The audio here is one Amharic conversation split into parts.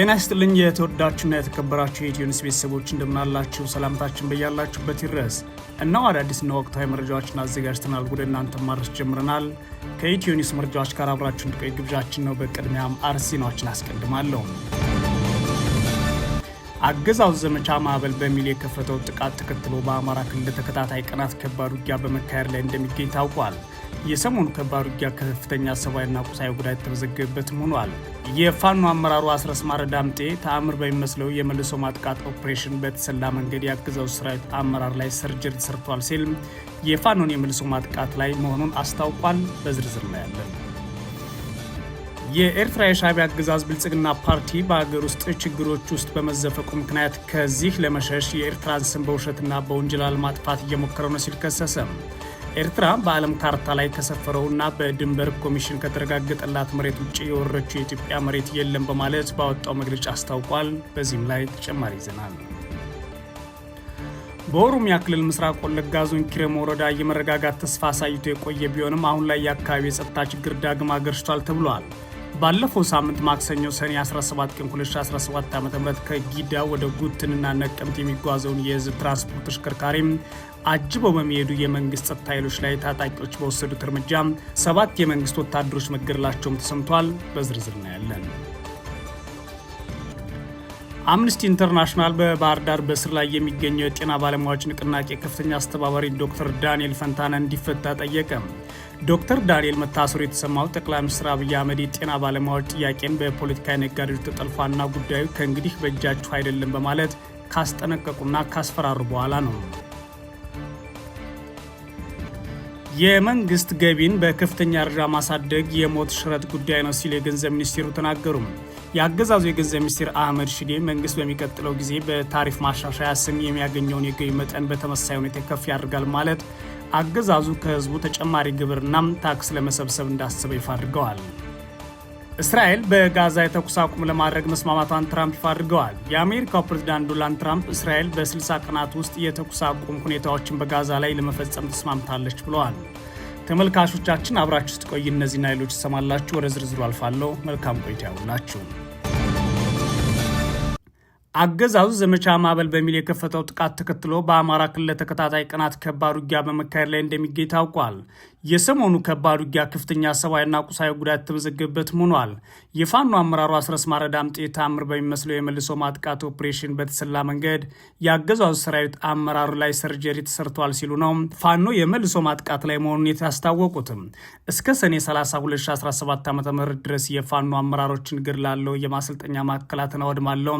ጤና ይስጥልኝ የተወዳችሁና የተከበራችሁ የኢትዮ ኒውስ ቤተሰቦች እንደምናላችሁ ሰላምታችን በያላችሁበት ይድረስ። እነሆ አዳዲስና ወቅታዊ መረጃዎችን አዘጋጅተናል ወደ እናንተ ማድረስ ጀምረናል። ከኢትዮ ኒውስ መረጃዎች ጋር አብራችሁ እንድቆዩ ግብዣችን ነው። በቅድሚያም አርዕስተ ዜናዎችን አስቀድማለሁ። አገዛዙ ዘመቻ ማዕበል በሚል የከፈተው ጥቃት ተከትሎ በአማራ ክልል ተከታታይ ቀናት ከባድ ውጊያ በመካሄድ ላይ እንደሚገኝ ታውቋል። የሰሞኑ ከባድ ውጊያ ከፍተኛ ሰብአዊና ቁሳዊ ጉዳት ተመዘገበበትም ሆኗል። የፋኖ አመራሩ አስረስ ማረ ዳምጤ ተአምር በሚመስለው የመልሶ ማጥቃት ኦፕሬሽን በተሰላ መንገድ ያገዛው ሰራዊት አመራር ላይ ሰርጀሪ ተሰርቷል ሲል የፋኖን የመልሶ ማጥቃት ላይ መሆኑን አስታውቋል። በዝርዝር ላይ ያለን የኤርትራ የሻዕቢያ አገዛዝ ብልጽግና ፓርቲ በሀገር ውስጥ ችግሮች ውስጥ በመዘፈቁ ምክንያት ከዚህ ለመሸሽ የኤርትራን ስም በውሸትና በወንጀል ለማጥፋት እየሞከረ ነው ሲል ከሰሰም ኤርትራ በዓለም ካርታ ላይ ከሰፈረውና በድንበር ኮሚሽን ከተረጋገጠላት መሬት ውጭ የወረችው የኢትዮጵያ መሬት የለም በማለት ባወጣው መግለጫ አስታውቋል። በዚህም ላይ ተጨማሪ ይዘናል። በኦሮሚያ ክልል ምስራቅ ወለጋ ዞን ኪረም ወረዳ የመረጋጋት ተስፋ አሳይቶ የቆየ ቢሆንም አሁን ላይ የአካባቢ የጸጥታ ችግር ዳግም አገርሽቷል ተብሏል። ባለፈው ሳምንት ማክሰኞ ሰኔ 17 ቀን 2017 ዓ ም ከጊዳ ወደ ጉትንና ነቀምት የሚጓዘውን የህዝብ ትራንስፖርት ተሽከርካሪም አጅበው በሚሄዱ የመንግስት ጸጥታ ኃይሎች ላይ ታጣቂዎች በወሰዱት እርምጃ ሰባት የመንግስት ወታደሮች መገደላቸውም ተሰምቷል። በዝርዝር እናያለን። አምነስቲ ኢንተርናሽናል በባህር ዳር በእስር ላይ የሚገኘው የጤና ባለሙያዎች ንቅናቄ ከፍተኛ አስተባባሪ ዶክተር ዳንኤል ፈንታነ እንዲፈታ ጠየቀ። ዶክተር ዳንኤል መታሰሩ የተሰማው ጠቅላይ ሚኒስትር አብይ አህመድ የጤና ባለሙያዎች ጥያቄን በፖለቲካ የነጋዴዎች ተጠልፏና ጉዳዩ ከእንግዲህ በእጃችሁ አይደለም በማለት ካስጠነቀቁና ካስፈራሩ በኋላ ነው። የመንግስት ገቢን በከፍተኛ ደረጃ ማሳደግ የሞት ሽረት ጉዳይ ነው ሲል የገንዘብ ሚኒስቴሩ ተናገሩም። የአገዛዙ የገንዘብ ሚኒስትር አህመድ ሽዴ መንግስት በሚቀጥለው ጊዜ በታሪፍ ማሻሻያ ስም የሚያገኘውን የገቢ መጠን በተመሳሳይ ሁኔታ ከፍ ያደርጋል ማለት አገዛዙ ከህዝቡ ተጨማሪ ግብርና ታክስ ለመሰብሰብ እንዳሰበ ይፋ አድርገዋል። እስራኤል በጋዛ የተኩስ አቁም ለማድረግ መስማማቷን ትራምፕ ይፋ አድርገዋል። የአሜሪካው ፕሬዝዳንት ዶናልድ ትራምፕ እስራኤል በ60 ቀናት ውስጥ የተኩስ አቁም ሁኔታዎችን በጋዛ ላይ ለመፈጸም ተስማምታለች ብለዋል። ተመልካቾቻችን አብራችሁ ስትቆይ እነዚህና ሌሎች ይሰማላችሁ። ወደ ዝርዝሩ አልፋለሁ። መልካም ቆይታ ያውላችሁ። አገዛዙ ዘመቻ ማዕበል በሚል የከፈተው ጥቃት ተከትሎ በአማራ ክልል ለተከታታይ ቀናት ከባድ ውጊያ በመካሄድ ላይ እንደሚገኝ ታውቋል። የሰሞኑ ከባድ ውጊያ ከፍተኛ ሰብአዊና ቁሳዊ ጉዳት የተመዘገበበት ሆኗል። የፋኖ አመራሩ አስረስ ማረ ዳምጤ በሚመስለው የመልሶ ማጥቃት ኦፕሬሽን በተሰላ መንገድ የአገዛዙ ሰራዊት አመራሩ ላይ ሰርጀሪ ተሰርቷል ሲሉ ነው ፋኖ የመልሶ ማጥቃት ላይ መሆኑን የታስታወቁትም። እስከ ሰኔ 30 2017 ዓ ም ድረስ የፋኖ አመራሮችን ገድላለሁ፣ የማሰልጠኛ ማዕከላትን አወድማለሁ፣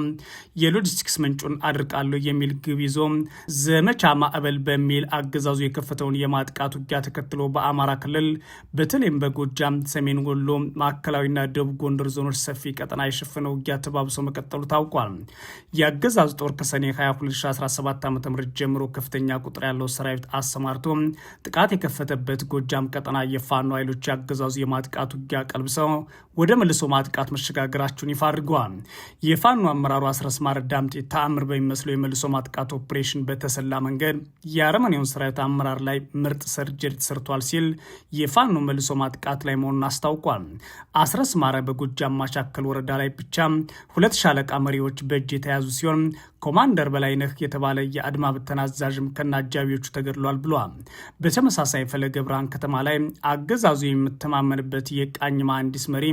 የሎጂስቲክስ ምንጩን አድርቃለሁ የሚል ግብ ይዞ ዘመቻ ማዕበል በሚል አገዛዙ የከፈተውን የማጥቃት ውጊያ ተከትሎ በ በአማራ ክልል በተለይም በጎጃም፣ ሰሜን ወሎ፣ ማዕከላዊና ደቡብ ጎንደር ዞኖች ሰፊ ቀጠና የሸፈነ ውጊያ ተባብሶ መቀጠሉ ታውቋል። የአገዛዙ ጦር ከሰኔ 22017 ዓ ም ጀምሮ ከፍተኛ ቁጥር ያለው ሰራዊት አሰማርቶ ጥቃት የከፈተበት ጎጃም ቀጠና የፋኖ ኃይሎች የአገዛዙ የማጥቃት ውጊያ ቀልብሰው ወደ መልሶ ማጥቃት መሸጋገራቸውን ይፋ አድርገዋል። የፋኖ አመራሩ አስረስማር ማረ ዳምጤ ተአምር በሚመስለው የመልሶ ማጥቃት ኦፕሬሽን በተሰላ መንገድ የአረመኔውን ሰራዊት አመራር ላይ ምርጥ ሰርጀሪ ተሰርቷል ሲል ሲል የፋኖ መልሶ ማጥቃት ላይ መሆኑን አስታውቋል። አስረስ ማረ በጎጃም ማሻከል ወረዳ ላይ ብቻ ሁለት ሻለቃ መሪዎች በእጅ የተያዙ ሲሆን ኮማንደር በላይነህ የተባለ የአድማ ብተና አዛዥም ከና አጃቢዎቹ ተገድሏል ብሏል። በተመሳሳይ ፈለገ ብርሃን ከተማ ላይ አገዛዙ የምተማመንበት የቃኝ መሐንዲስ መሪ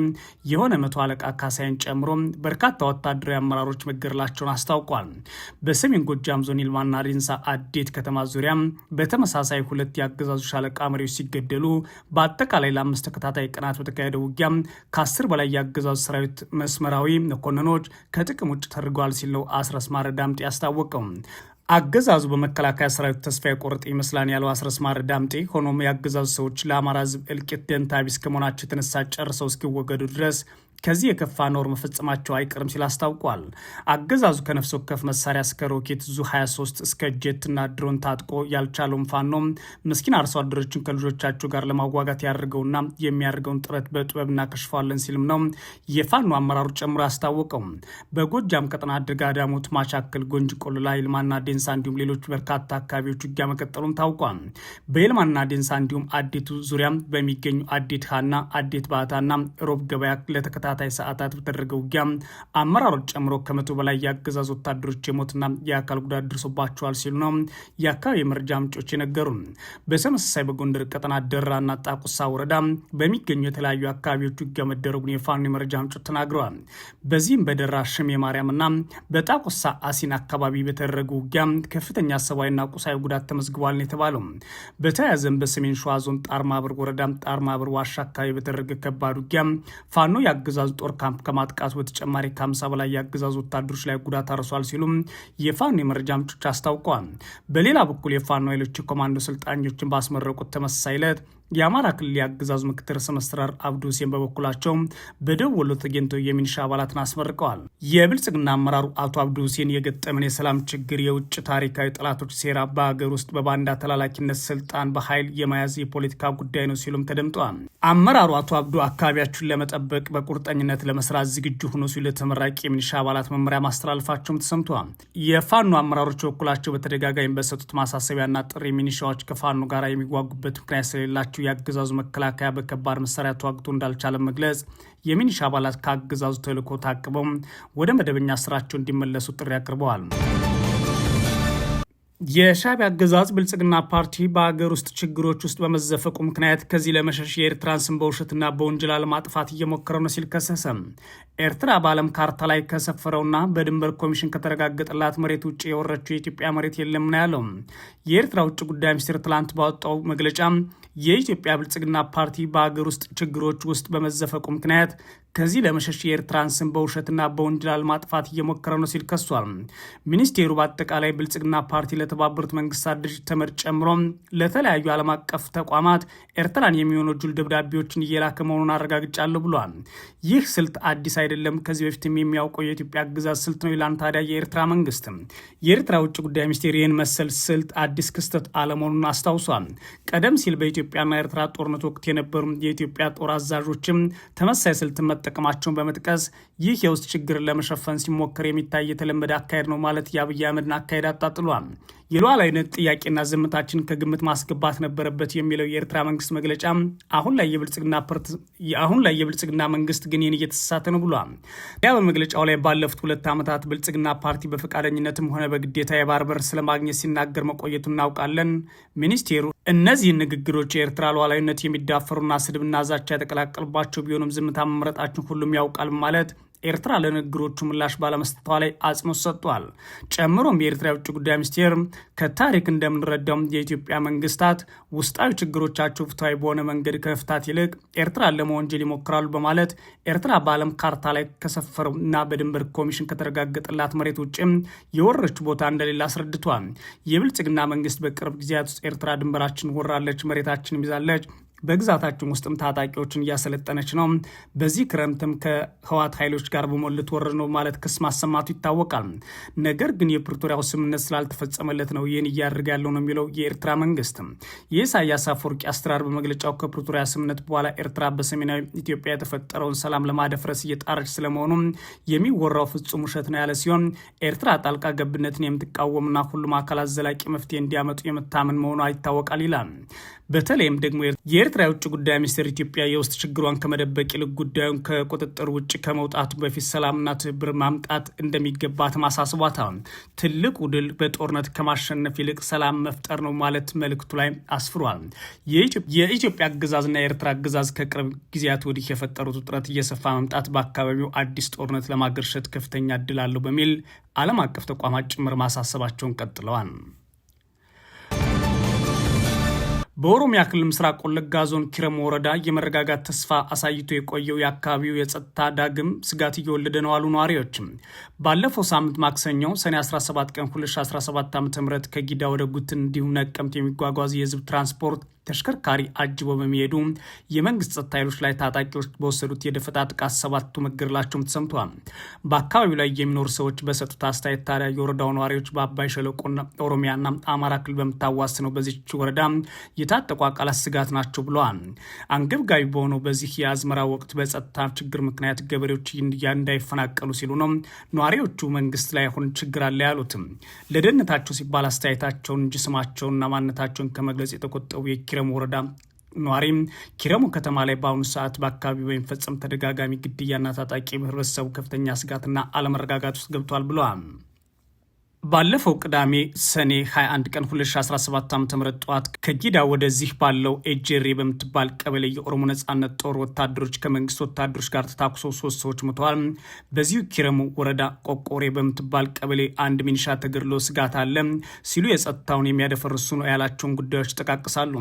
የሆነ መቶ አለቃ ካሳይን ጨምሮ በርካታ ወታደራዊ አመራሮች መገደላቸውን አስታውቋል። በሰሜን ጎጃም ዞን ይልማና ሪንሳ አዴት ከተማ ዙሪያ በተመሳሳይ ሁለት የአገዛዙ ሻለቃ መሪዎች ሲገ ሲገደሉ በአጠቃላይ ለአምስት ተከታታይ ቀናት በተካሄደ ውጊያ ከአስር በላይ የአገዛዙ ሰራዊት መስመራዊ መኮንኖች ከጥቅም ውጭ ተደርገዋል ሲል ነው አስረስ ማረ ዳምጤ ያስታወቀው። አገዛዙ በመከላከያ ሰራዊት ተስፋ የቆረጠ ይመስላል ያለው አስረስ ማረ ዳምጤ፣ ሆኖም የአገዛዙ ሰዎች ለአማራ ሕዝብ እልቂት ደንታቢስ ከመሆናቸው የተነሳ ጨርሰው እስኪወገዱ ድረስ ከዚህ የከፋ ኖር መፈጸማቸው አይቀርም ሲል አስታውቋል። አገዛዙ ከነፍስ ወከፍ መሳሪያ እስከ ሮኬት ዙ 23 እስከ ጀትና ድሮን ታጥቆ ያልቻለውን ፋኖ ምስኪን አርሶ አደሮችን ከልጆቻቸው ጋር ለማዋጋት ያደርገውና የሚያደርገውን ጥረት በጥበብ እናከሽፈዋለን ሲልም ነው የፋኖ አመራሩ ጨምሮ ያስታወቀው። በጎጃም ቀጠና አድርጋ ዳሞት፣ ማቻክል፣ ጎንጅ ቆልላ፣ ይልማና ዴንሳ እንዲሁም ሌሎች በርካታ አካባቢዎች ውጊያ መቀጠሉም ታውቋል። በይልማና ዴንሳ እንዲሁም አዴቱ ዙሪያ በሚገኙ አዴት ሀና፣ አዴት ባህታና ሮብ ገበያ ለተከታ ለተከታታይ ሰዓታት በተደረገው ውጊያ አመራሮች ጨምሮ ከመቶ በላይ የአገዛዝ ወታደሮች የሞትና የአካል ጉዳት ደርሶባቸዋል ሲሉ ነው የአካባቢ የመረጃ ምንጮች የነገሩን። በተመሳሳይ በጎንደር ቀጠና ደራና ጣቁሳ ወረዳ በሚገኙ የተለያዩ አካባቢዎች ውጊያ መደረጉን የፋኖ የመረጃ ምንጮች ተናግረዋል። በዚህም በደራ ሽም ማርያምና በጣቁሳ አሲን አካባቢ በተደረገ ውጊያ ከፍተኛ ሰብአዊና ቁሳዊ ጉዳት ተመዝግቧል የተባለው በተያያዘም በሰሜን ሸዋ ዞን ጣርማብር ወረዳ ጣርማብር ዋሻ አካባቢ በተደረገ ከባድ ውጊያ ፋኖ ያገዙ የአገዛዙ ጦር ካምፕ ከማጥቃት በተጨማሪ ከሀምሳ በላይ የአገዛዙ ወታደሮች ላይ ጉዳት አርሷል ሲሉም የፋኖ የመረጃ ምንጮች አስታውቀዋል። በሌላ በኩል የፋኖ ኃይሎች ኮማንዶ ስልጣኞችን ባስመረቁት ተመሳሳይ ዕለት የአማራ ክልል የአገዛዙ ምክትል ርዕሰ መስተዳድር አብዱ ሁሴን በበኩላቸው በደቡብ ወሎ ተገኝተው የሚኒሻ አባላትን አስመርቀዋል። የብልጽግና አመራሩ አቶ አብዱ ሁሴን የገጠመን የሰላም ችግር የውጭ ታሪካዊ ጠላቶች ሴራ፣ በሀገር ውስጥ በባንዳ ተላላኪነት ስልጣን በኃይል የመያዝ የፖለቲካ ጉዳይ ነው ሲሉም ተደምጠዋል። አመራሩ አቶ አብዱ አካባቢያችሁን ለመጠበቅ በቁርጠኝነት ለመስራት ዝግጁ ሆኖ ሲሉ ለተመራቂ የሚኒሻ አባላት መመሪያ ማስተላለፋቸውም ተሰምተዋል። የፋኖ አመራሮች በኩላቸው በተደጋጋሚ በሰጡት ማሳሰቢያና ጥሪ ሚኒሻዎች ከፋኖ ጋር የሚዋጉበት ምክንያት ስለሌላቸው ያላቸው የአገዛዙ መከላከያ በከባድ መሳሪያ ተዋግቶ እንዳልቻለ መግለጽ፣ የሚኒሻ አባላት ከአገዛዙ ተልዕኮ ታቅበው ወደ መደበኛ ስራቸው እንዲመለሱ ጥሪ አቅርበዋል። የሻዕቢያ አገዛዝ ብልጽግና ፓርቲ በሀገር ውስጥ ችግሮች ውስጥ በመዘፈቁ ምክንያት ከዚህ ለመሸሽ የኤርትራን ስም በውሸትና በወንጀል ለማጥፋት እየሞከረ ነው ሲል ከሰሰ። ኤርትራ በዓለም ካርታ ላይ ከሰፈረውና በድንበር ኮሚሽን ከተረጋገጠላት መሬት ውጭ የወረችው የኢትዮጵያ መሬት የለም ነው ያለው። የኤርትራ ውጭ ጉዳይ ሚኒስትር ትላንት ባወጣው መግለጫ የኢትዮጵያ ብልጽግና ፓርቲ በሀገር ውስጥ ችግሮች ውስጥ በመዘፈቁ ምክንያት ከዚህ ለመሸሽ የኤርትራን ስም በውሸትና በወንጀል ማጥፋት እየሞከረ ነው ሲል ከሷል። ሚኒስቴሩ በአጠቃላይ ብልጽግና ፓርቲ ለተባበሩት መንግስታት ድርጅት ተመድ ጨምሮ ለተለያዩ ዓለም አቀፍ ተቋማት ኤርትራን የሚወነጁል ደብዳቤዎችን እየላከ መሆኑን አረጋግጫለሁ ብሏል። ይህ ስልት አዲስ አይደለም፣ ከዚህ በፊትም የሚያውቀው የኢትዮጵያ ግዛት ስልት ነው ይላን ታዲያ የኤርትራ መንግስት። የኤርትራ ውጭ ጉዳይ ሚኒስቴር ይህን መሰል ስልት አዲስ ክስተት አለመሆኑን አስታውሷል። ቀደም ሲል በኢትዮ በኢትዮጵያና ኤርትራ ጦርነት ወቅት የነበሩ የኢትዮጵያ ጦር አዛዦችም ተመሳሳይ ስልት መጠቀማቸውን በመጥቀስ ይህ የውስጥ ችግር ለመሸፈን ሲሞከር የሚታይ የተለመደ አካሄድ ነው ማለት የአብይ አህመድን አካሄድ አጣጥሏል። የሉዓላዊነት ጥያቄና ዝምታችን ከግምት ማስገባት ነበረበት የሚለው የኤርትራ መንግስት መግለጫ አሁን ላይ የብልጽግና አሁን ላይ የብልጽግና መንግስት ግን ይህን እየተሳሳተ ነው ብሏል። ያ በመግለጫው ላይ ባለፉት ሁለት ዓመታት ብልጽግና ፓርቲ በፈቃደኝነትም ሆነ በግዴታ የባህር በር ስለማግኘት ሲናገር መቆየቱ እናውቃለን። ሚኒስቴሩ እነዚህን ንግግሮች የኤርትራ ሉዓላዊነት የሚዳፈሩና ስድብና ዛቻ የተቀላቀልባቸው ቢሆኑም ዝምታ መምረጣችን ሁሉም ያውቃል ማለት ኤርትራ ለንግግሮቹ ምላሽ ባለመስጠቷ ላይ አጽንኦት ሰጥቷል። ጨምሮም የኤርትራ የውጭ ጉዳይ ሚኒስቴር ከታሪክ እንደምንረዳው የኢትዮጵያ መንግስታት ውስጣዊ ችግሮቻቸው ፍትሐዊ በሆነ መንገድ ከመፍታት ይልቅ ኤርትራን ለመወንጀል ይሞክራሉ በማለት ኤርትራ በዓለም ካርታ ላይ ከሰፈረው እና በድንበር ኮሚሽን ከተረጋገጠላት መሬት ውጭም የወረች ቦታ እንደሌለ አስረድቷል። የብልጽግና መንግስት በቅርብ ጊዜያት ውስጥ ኤርትራ ድንበራችን ወራለች፣ መሬታችን ይዛለች በግዛታችን ውስጥም ታጣቂዎችን እያሰለጠነች ነው፣ በዚህ ክረምትም ከህዋት ኃይሎች ጋር በመሆን ልትወርድ ነው ማለት ክስ ማሰማቱ ይታወቃል። ነገር ግን የፕሪቶሪያው ስምምነት ስላልተፈጸመለት ነው ይህን እያደረገ ያለው ነው የሚለው የኤርትራ መንግስት። የኢሳያስ አፈወርቂ አስተዳደር በመግለጫው ከፕሪቶሪያ ስምምነት በኋላ ኤርትራ በሰሜናዊ ኢትዮጵያ የተፈጠረውን ሰላም ለማደፍረስ እየጣረች ስለመሆኑ የሚወራው ፍጹም ውሸት ነው ያለ ሲሆን ኤርትራ ጣልቃ ገብነትን የምትቃወምና ሁሉም አካላት ዘላቂ መፍትሄ እንዲያመጡ የምታምን መሆኗ ይታወቃል ይላል። በተለይም ደግሞ የኤርትራ የውጭ ጉዳይ ሚኒስቴር ኢትዮጵያ የውስጥ ችግሯን ከመደበቅ ይልቅ ጉዳዩን ከቁጥጥር ውጭ ከመውጣቱ በፊት ሰላምና ትብብር ማምጣት እንደሚገባት ማሳስቧታል። ትልቁ ድል በጦርነት ከማሸነፍ ይልቅ ሰላም መፍጠር ነው ማለት መልእክቱ ላይ አስፍሯል። የኢትዮጵያ አገዛዝና የኤርትራ አገዛዝ ከቅርብ ጊዜያት ወዲህ የፈጠሩት ውጥረት እየሰፋ መምጣት በአካባቢው አዲስ ጦርነት ለማገርሸት ከፍተኛ እድል አለው በሚል ዓለም አቀፍ ተቋማት ጭምር ማሳሰባቸውን ቀጥለዋል። በኦሮሚያ ክልል ምስራቅ ወለጋ ዞን ኪረም ወረዳ የመረጋጋት ተስፋ አሳይቶ የቆየው የአካባቢው የጸጥታ ዳግም ስጋት እየወለደ ነው አሉ ነዋሪዎችም። ባለፈው ሳምንት ማክሰኞ ሰኔ 17 ቀን 2017 ዓ ም ከጊዳ ወደ ጉትን እንዲሁም ነቀምት የሚጓጓዝ የህዝብ ትራንስፖርት ተሽከርካሪ አጅቦ በሚሄዱ የመንግስት ጸጥታ ኃይሎች ላይ ታጣቂዎች በወሰዱት የደፈጣ ጥቃት ሰባቱ መገደላቸውም ተሰምቷል። በአካባቢው ላይ የሚኖሩ ሰዎች በሰጡት አስተያየት ታዲያ የወረዳው ነዋሪዎች በአባይ ሸለቆ ኦሮሚያና አማራ ክልል በምታዋስነው በዚች ወረዳ የታጠቁ አካላት ስጋት ናቸው ብለዋል። አንገብጋቢ በሆነው በዚህ የአዝመራ ወቅት በጸጥታ ችግር ምክንያት ገበሬዎች እንዳይፈናቀሉ ሲሉ ነው ነዋሪዎቹ መንግስት ላይ አሁን ችግር አለ ያሉትም። ለደህንነታቸው ሲባል አስተያየታቸውን እንጂ ስማቸውንና ማንነታቸውን ከመግለጽ የተቆጠቡ የኪረም ወረዳ ነዋሪም ኪረሙ ከተማ ላይ በአሁኑ ሰዓት በአካባቢው በሚፈጸም ተደጋጋሚ ግድያና ታጣቂ ህብረተሰቡ ከፍተኛ ስጋትና አለመረጋጋት ውስጥ ገብቷል ብለዋል። ባለፈው ቅዳሜ ሰኔ 21 ቀን 2017 ዓ ም ጠዋት ከጊዳ ወደዚህ ባለው ኤጀሬ በምትባል ቀበሌ የኦሮሞ ነጻነት ጦር ወታደሮች ከመንግስት ወታደሮች ጋር ተታኩሰው ሶስት ሰዎች ሞተዋል። በዚሁ ኪረሙ ወረዳ ቆቆሬ በምትባል ቀበሌ አንድ ሚኒሻ ተገድሎ ስጋት አለ ሲሉ የጸጥታውን የሚያደፈርሱ ነው ያላቸውን ጉዳዮች ይጠቃቅሳሉ።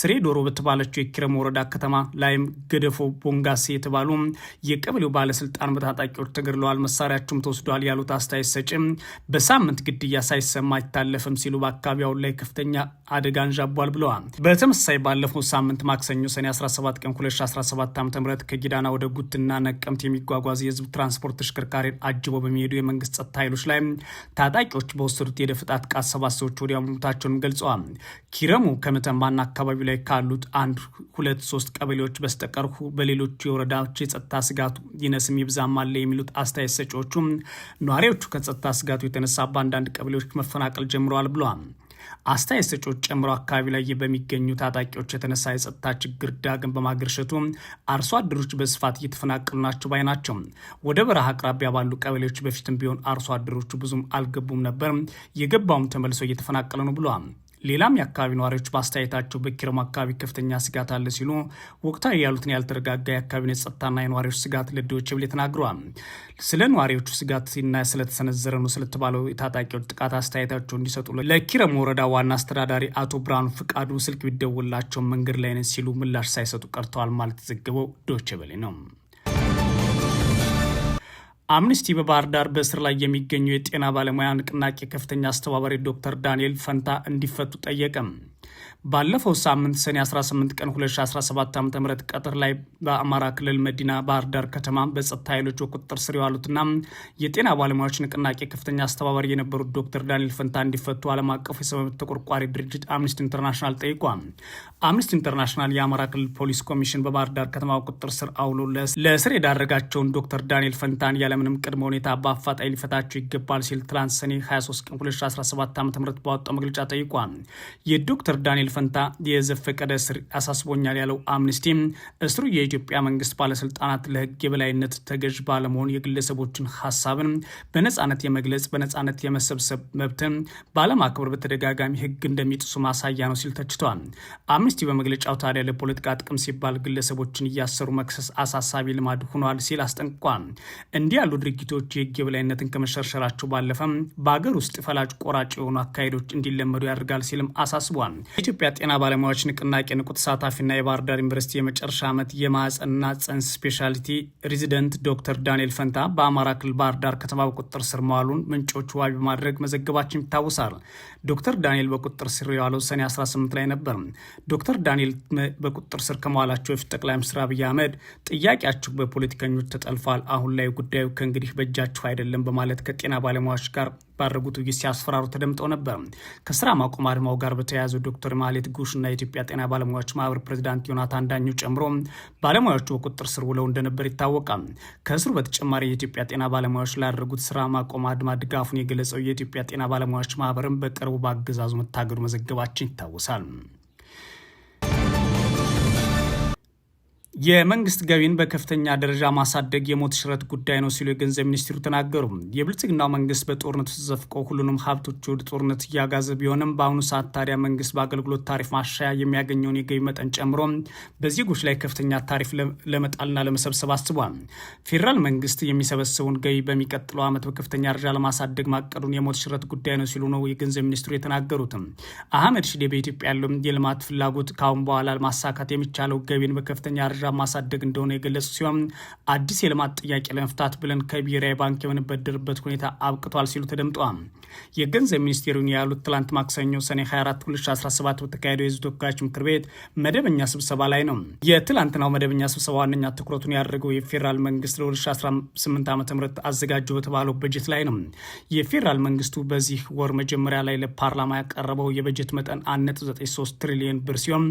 ስሬ ዶሮ በተባለችው የኪረሙ ወረዳ ከተማ ላይም ገደፎ ቦንጋሴ የተባሉ የቀበሌው ባለስልጣን በታጣቂዎች ተገድለዋል፣ መሳሪያቸውም ተወስደዋል ያሉት አስተያየት ሰጭም በሳምንት ግድያ ሳይሰማ አይታለፍም ሲሉ በአካባቢያውን ላይ ከፍተኛ አደጋ አንዣቧል ብለዋል። በተመሳሳይ ባለፈው ሳምንት ማክሰኞ ሰኔ 17 ቀን 2017 ዓ ም ከጊዳና ወደ ጉትና ነቀምት የሚጓጓዝ የህዝብ ትራንስፖርት ተሽከርካሪን አጅቦ በሚሄዱ የመንግስት ጸጥታ ኃይሎች ላይ ታጣቂዎች በወሰዱት የደፈጣ ጥቃት ሰባት ሰዎች ወዲያ መሞታቸውንም ገልጸዋል። ኪረሙ ከመተማና አካባቢው ላይ ካሉት አንድ ሁለት ሶስት ቀበሌዎች በስተቀር በሌሎቹ የወረዳዎች የጸጥታ ስጋቱ ይነስም ይብዛም አለ የሚሉት አስተያየት ሰጪዎቹ ነዋሪዎቹ ከጸጥታ ስጋቱ የተነሳ አንዳንድ ቀበሌዎች መፈናቀል ጀምረዋል ብለዋል። አስተያየት ሰጪዎች ጨምሮ አካባቢ ላይ በሚገኙ ታጣቂዎች የተነሳ የጸጥታ ችግር ዳግም በማገርሸቱ አርሶ አደሮች በስፋት እየተፈናቀሉ ናቸው ባይ ናቸው። ወደ በረሃ አቅራቢያ ባሉ ቀበሌዎች በፊትም ቢሆን አርሶ አደሮቹ ብዙም አልገቡም ነበር፣ የገባውም ተመልሶ እየተፈናቀለ ነው ብለዋል። ሌላም የአካባቢ ነዋሪዎች በአስተያየታቸው በኪረም አካባቢ ከፍተኛ ስጋት አለ ሲሉ ወቅታዊ ያሉትን ያልተረጋጋ የአካባቢውን የጸጥታና የነዋሪዎች ስጋት ለዶይቼ ቬለ ተናግረዋል። ስለ ነዋሪዎቹ ስጋት ስጋትና ስለተሰነዘረ ነው ስለተባለው የታጣቂዎች ጥቃት አስተያየታቸው እንዲሰጡ ለኪረም ወረዳ ዋና አስተዳዳሪ አቶ ብርሃኑ ፍቃዱ ስልክ ቢደወላቸው መንገድ ላይ ነን ሲሉ ምላሽ ሳይሰጡ ቀርተዋል ማለት የተዘገበው ዶይቼ ቬለ ነው። አምነስቲ በባህር ዳር በእስር ላይ የሚገኙ የጤና ባለሙያ ንቅናቄ ከፍተኛ አስተባባሪ ዶክተር ዳንኤል ፈንታ እንዲፈቱ ጠየቀም። ባለፈው ሳምንት ሰኔ 18 ቀን 2017 ዓ ም ቀጥር ላይ በአማራ ክልል መዲና ባህር ዳር ከተማ በጸጥታ ኃይሎች ቁጥጥር ስር የዋሉትና የጤና ባለሙያዎች ንቅናቄ ከፍተኛ አስተባባሪ የነበሩት ዶክተር ዳንኤል ፈንታ እንዲፈቱ ዓለም አቀፉ የሰብአዊ መብት ተቆርቋሪ ድርጅት አምነስቲ ኢንተርናሽናል ጠይቋል። አምነስቲ ኢንተርናሽናል የአማራ ክልል ፖሊስ ኮሚሽን በባህር ዳር ከተማ ቁጥጥር ስር አውሎ ለስር የዳረጋቸውን ዶክተር ዳንኤል ፈንታን ያለምንም ቅድመ ሁኔታ በአፋጣኝ ሊፈታቸው ይገባል ሲል ትላንት ሰኔ 23 ቀን 2017 ዓ ም ባወጣው መግለጫ ጠይቋል። የዶክተር ዳንኤል ፈንታ የዘፈቀደ እስር ያሳስቦኛል ያለው አምኒስቲ እስሩ የኢትዮጵያ መንግስት ባለስልጣናት ለህግ የበላይነት ተገዥ ባለመሆን የግለሰቦችን ሀሳብን በነጻነት የመግለጽ በነጻነት የመሰብሰብ መብትን ባለማክበር በተደጋጋሚ ህግ እንደሚጥሱ ማሳያ ነው ሲል ተችቷል። አምኒስቲ በመግለጫው ታዲያ ለፖለቲካ ጥቅም ሲባል ግለሰቦችን እያሰሩ መክሰስ አሳሳቢ ልማድ ሆኗል ሲል አስጠንቅቋል። እንዲህ ያሉ ድርጊቶች የህግ የበላይነትን ከመሸርሸራቸው ባለፈ በአገር ውስጥ ፈላጭ ቆራጭ የሆኑ አካሄዶች እንዲለመዱ ያደርጋል ሲልም አሳስቧል። የኢትዮጵያ ጤና ባለሙያዎች ንቅናቄ ንቁ ተሳታፊና የባህር ዳር ዩኒቨርሲቲ የመጨረሻ ዓመት የማዕፀንና ጽንስ ስፔሻሊቲ ሬዚደንት ዶክተር ዳንኤል ፈንታ በአማራ ክልል ባህር ዳር ከተማ በቁጥጥር ስር መዋሉን ምንጮቹ ዋቢ በማድረግ መዘገባችን ይታወሳል። ዶክተር ዳንኤል በቁጥጥር ስር የዋለው ሰኔ 18 ላይ ነበር። ዶክተር ዳንኤል በቁጥጥር ስር ከመዋላቸው በፊት ጠቅላይ ሚኒስትር አብይ አህመድ ጥያቄያችሁ በፖለቲከኞች ተጠልፏል፣ አሁን ላይ ጉዳዩ ከእንግዲህ በእጃችሁ አይደለም በማለት ከጤና ባለሙያዎች ጋር ባደረጉት ውይይት ሲያስፈራሩ ተደምጠው ነበር። ከስራ ማቆም አድማው ጋር በተያያዘ ዶክተር ማህሌት እና የኢትዮጵያ ጤና ባለሙያዎች ማህበር ፕሬዚዳንት ዮናታን ዳኙ ጨምሮ ባለሙያዎቹ በቁጥጥር ስር ውለው እንደነበር ይታወቃል። ከእስሩ በተጨማሪ የኢትዮጵያ ጤና ባለሙያዎች ላደረጉት ስራ ማቆም አድማ ድጋፉን የገለጸው የኢትዮጵያ ጤና ባለሙያዎች ማህበርም በቅርቡ በአገዛዙ መታገዱ መዘገባችን ይታወሳል። የመንግስት ገቢን በከፍተኛ ደረጃ ማሳደግ የሞት ሽረት ጉዳይ ነው ሲሉ የገንዘብ ሚኒስትሩ ተናገሩ። የብልጽግናው መንግስት በጦርነት ተዘፍቆ ሁሉንም ሀብቶች ወደ ጦርነት እያጋዘ ቢሆንም በአሁኑ ሰዓት ታዲያ መንግስት በአገልግሎት ታሪፍ ማሻያ የሚያገኘውን የገቢ መጠን ጨምሮ በዜጎች ላይ ከፍተኛ ታሪፍ ለመጣልና ለመሰብሰብ አስቧል። ፌዴራል መንግስት የሚሰበሰቡን ገቢ በሚቀጥለው ዓመት በከፍተኛ ደረጃ ለማሳደግ ማቀዱን የሞት ሽረት ጉዳይ ነው ሲሉ ነው የገንዘብ ሚኒስትሩ የተናገሩት አህመድ ሽዴ በኢትዮጵያ ያለው የልማት ፍላጎት ከአሁን በኋላ ማሳካት የሚቻለው ገቢን በከፍተኛ ደረጃ ድርሻ ማሳደግ እንደሆነ የገለጹ ሲሆን አዲስ የልማት ጥያቄ ለመፍታት ብለን ከብሔራዊ ባንክ የምንበደርበት ሁኔታ አብቅቷል ሲሉ ተደምጠዋል። የገንዘብ ሚኒስቴሩን ያሉት ትላንት ማክሰኞ ሰኔ 24 2017 በተካሄደው የህዝብ ተወካዮች ምክር ቤት መደበኛ ስብሰባ ላይ ነው። የትላንትናው መደበኛ ስብሰባ ዋነኛ ትኩረቱን ያደረገው የፌዴራል መንግስት ለ2018 ዓ ም አዘጋጀው በተባለው በጀት ላይ ነው። የፌዴራል መንግስቱ በዚህ ወር መጀመሪያ ላይ ለፓርላማ ያቀረበው የበጀት መጠን 193 ትሪሊዮን ብር ሲሆን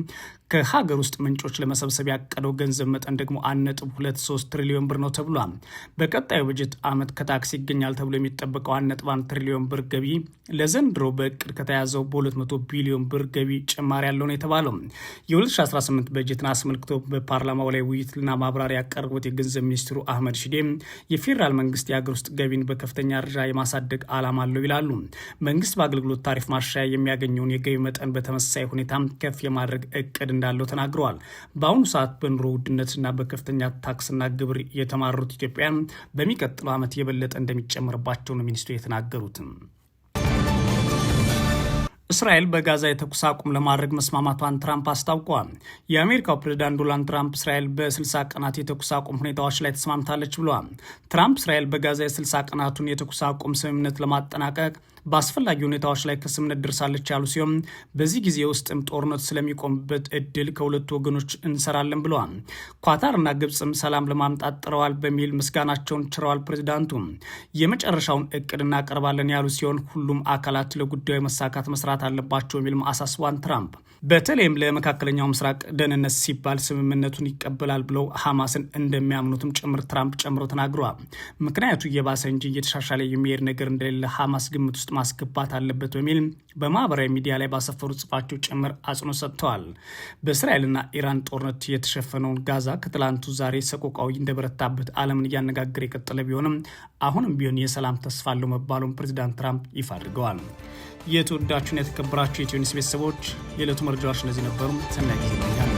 ከሀገር ውስጥ ምንጮች ለመሰብሰብ ያቀደው ገንዘብ መጠን ደግሞ አንድ ሁለት ሶስት ትሪሊዮን ብር ነው ተብሏል። በቀጣዩ በጀት ዓመት ከታክስ ይገኛል ተብሎ የሚጠበቀው አንድ አንድ ትሪሊዮን ብር ገቢ ለዘንድሮ በእቅድ ከተያዘው በ200 ቢሊዮን ብር ገቢ ጭማሪ ያለው ነው የተባለው። የ2018 በጀትን አስመልክቶ በፓርላማው ላይ ውይይትና ማብራሪያ ያቀረቡት የገንዘብ ሚኒስትሩ አህመድ ሽዴ የፌዴራል መንግስት የሀገር ውስጥ ገቢን በከፍተኛ ደረጃ የማሳደግ ዓላማ አለው ይላሉ። መንግስት በአገልግሎት ታሪፍ ማሻያ የሚያገኘውን የገቢ መጠን በተመሳሳይ ሁኔታ ከፍ የማድረግ እቅድ እንዳለው ተናግረዋል። በአሁኑ ሰዓት በኑሮ ውድነትና በከፍተኛ ታክስና ግብር የተማሩት ኢትዮጵያን በሚቀጥለው ዓመት የበለጠ እንደሚጨምርባቸው ነው ሚኒስትሩ የተናገሩትም። እስራኤል በጋዛ የተኩስ አቁም ለማድረግ መስማማቷን ትራምፕ አስታውቀዋል። የአሜሪካው ፕሬዚዳንት ዶናልድ ትራምፕ እስራኤል በ60 ቀናት የተኩስ አቁም ሁኔታዎች ላይ ተስማምታለች ብለዋል። ትራምፕ እስራኤል በጋዛ የ60 ቀናቱን የተኩስ አቁም ስምምነት ለማጠናቀቅ በአስፈላጊ ሁኔታዎች ላይ ከስምነት ደርሳለች ያሉ ሲሆን በዚህ ጊዜ ውስጥም ጦርነት ስለሚቆምበት እድል ከሁለቱ ወገኖች እንሰራለን ብለዋል። ኳታርና ግብፅም ሰላም ለማምጣት ጥረዋል በሚል ምስጋናቸውን ችረዋል። ፕሬዚዳንቱ የመጨረሻውን እቅድ እናቀርባለን ያሉ ሲሆን ሁሉም አካላት ለጉዳዩ መሳካት መስራት አለባቸው የሚል አሳስቧን ትራምፕ በተለይም ለመካከለኛው ምስራቅ ደህንነት ሲባል ስምምነቱን ይቀበላል ብለው ሐማስን እንደሚያምኑትም ጭምር ትራምፕ ጨምሮ ተናግረዋል። ምክንያቱ እየባሰ እንጂ እየተሻሻለ የሚሄድ ነገር እንደሌለ ሐማስ ግምት ውስጥ ማስገባት አለበት በሚል በማህበራዊ ሚዲያ ላይ ባሰፈሩ ጽፋቸው ጭምር አጽንኦት ሰጥተዋል። በእስራኤልና ኢራን ጦርነት የተሸፈነውን ጋዛ ከትላንቱ ዛሬ ሰቆቃዊ እንደበረታበት ዓለምን እያነጋገረ የቀጠለ ቢሆንም አሁንም ቢሆን የሰላም ተስፋ አለው መባሉን ፕሬዚዳንት ትራምፕ ይፋ አድርገዋል። የተወዳችሁን የተከበራችሁ የኢትዮ ቤተሰቦች የዕለቱ መረጃዎች እነዚህ ነበሩ። ሰናይ ጊዜ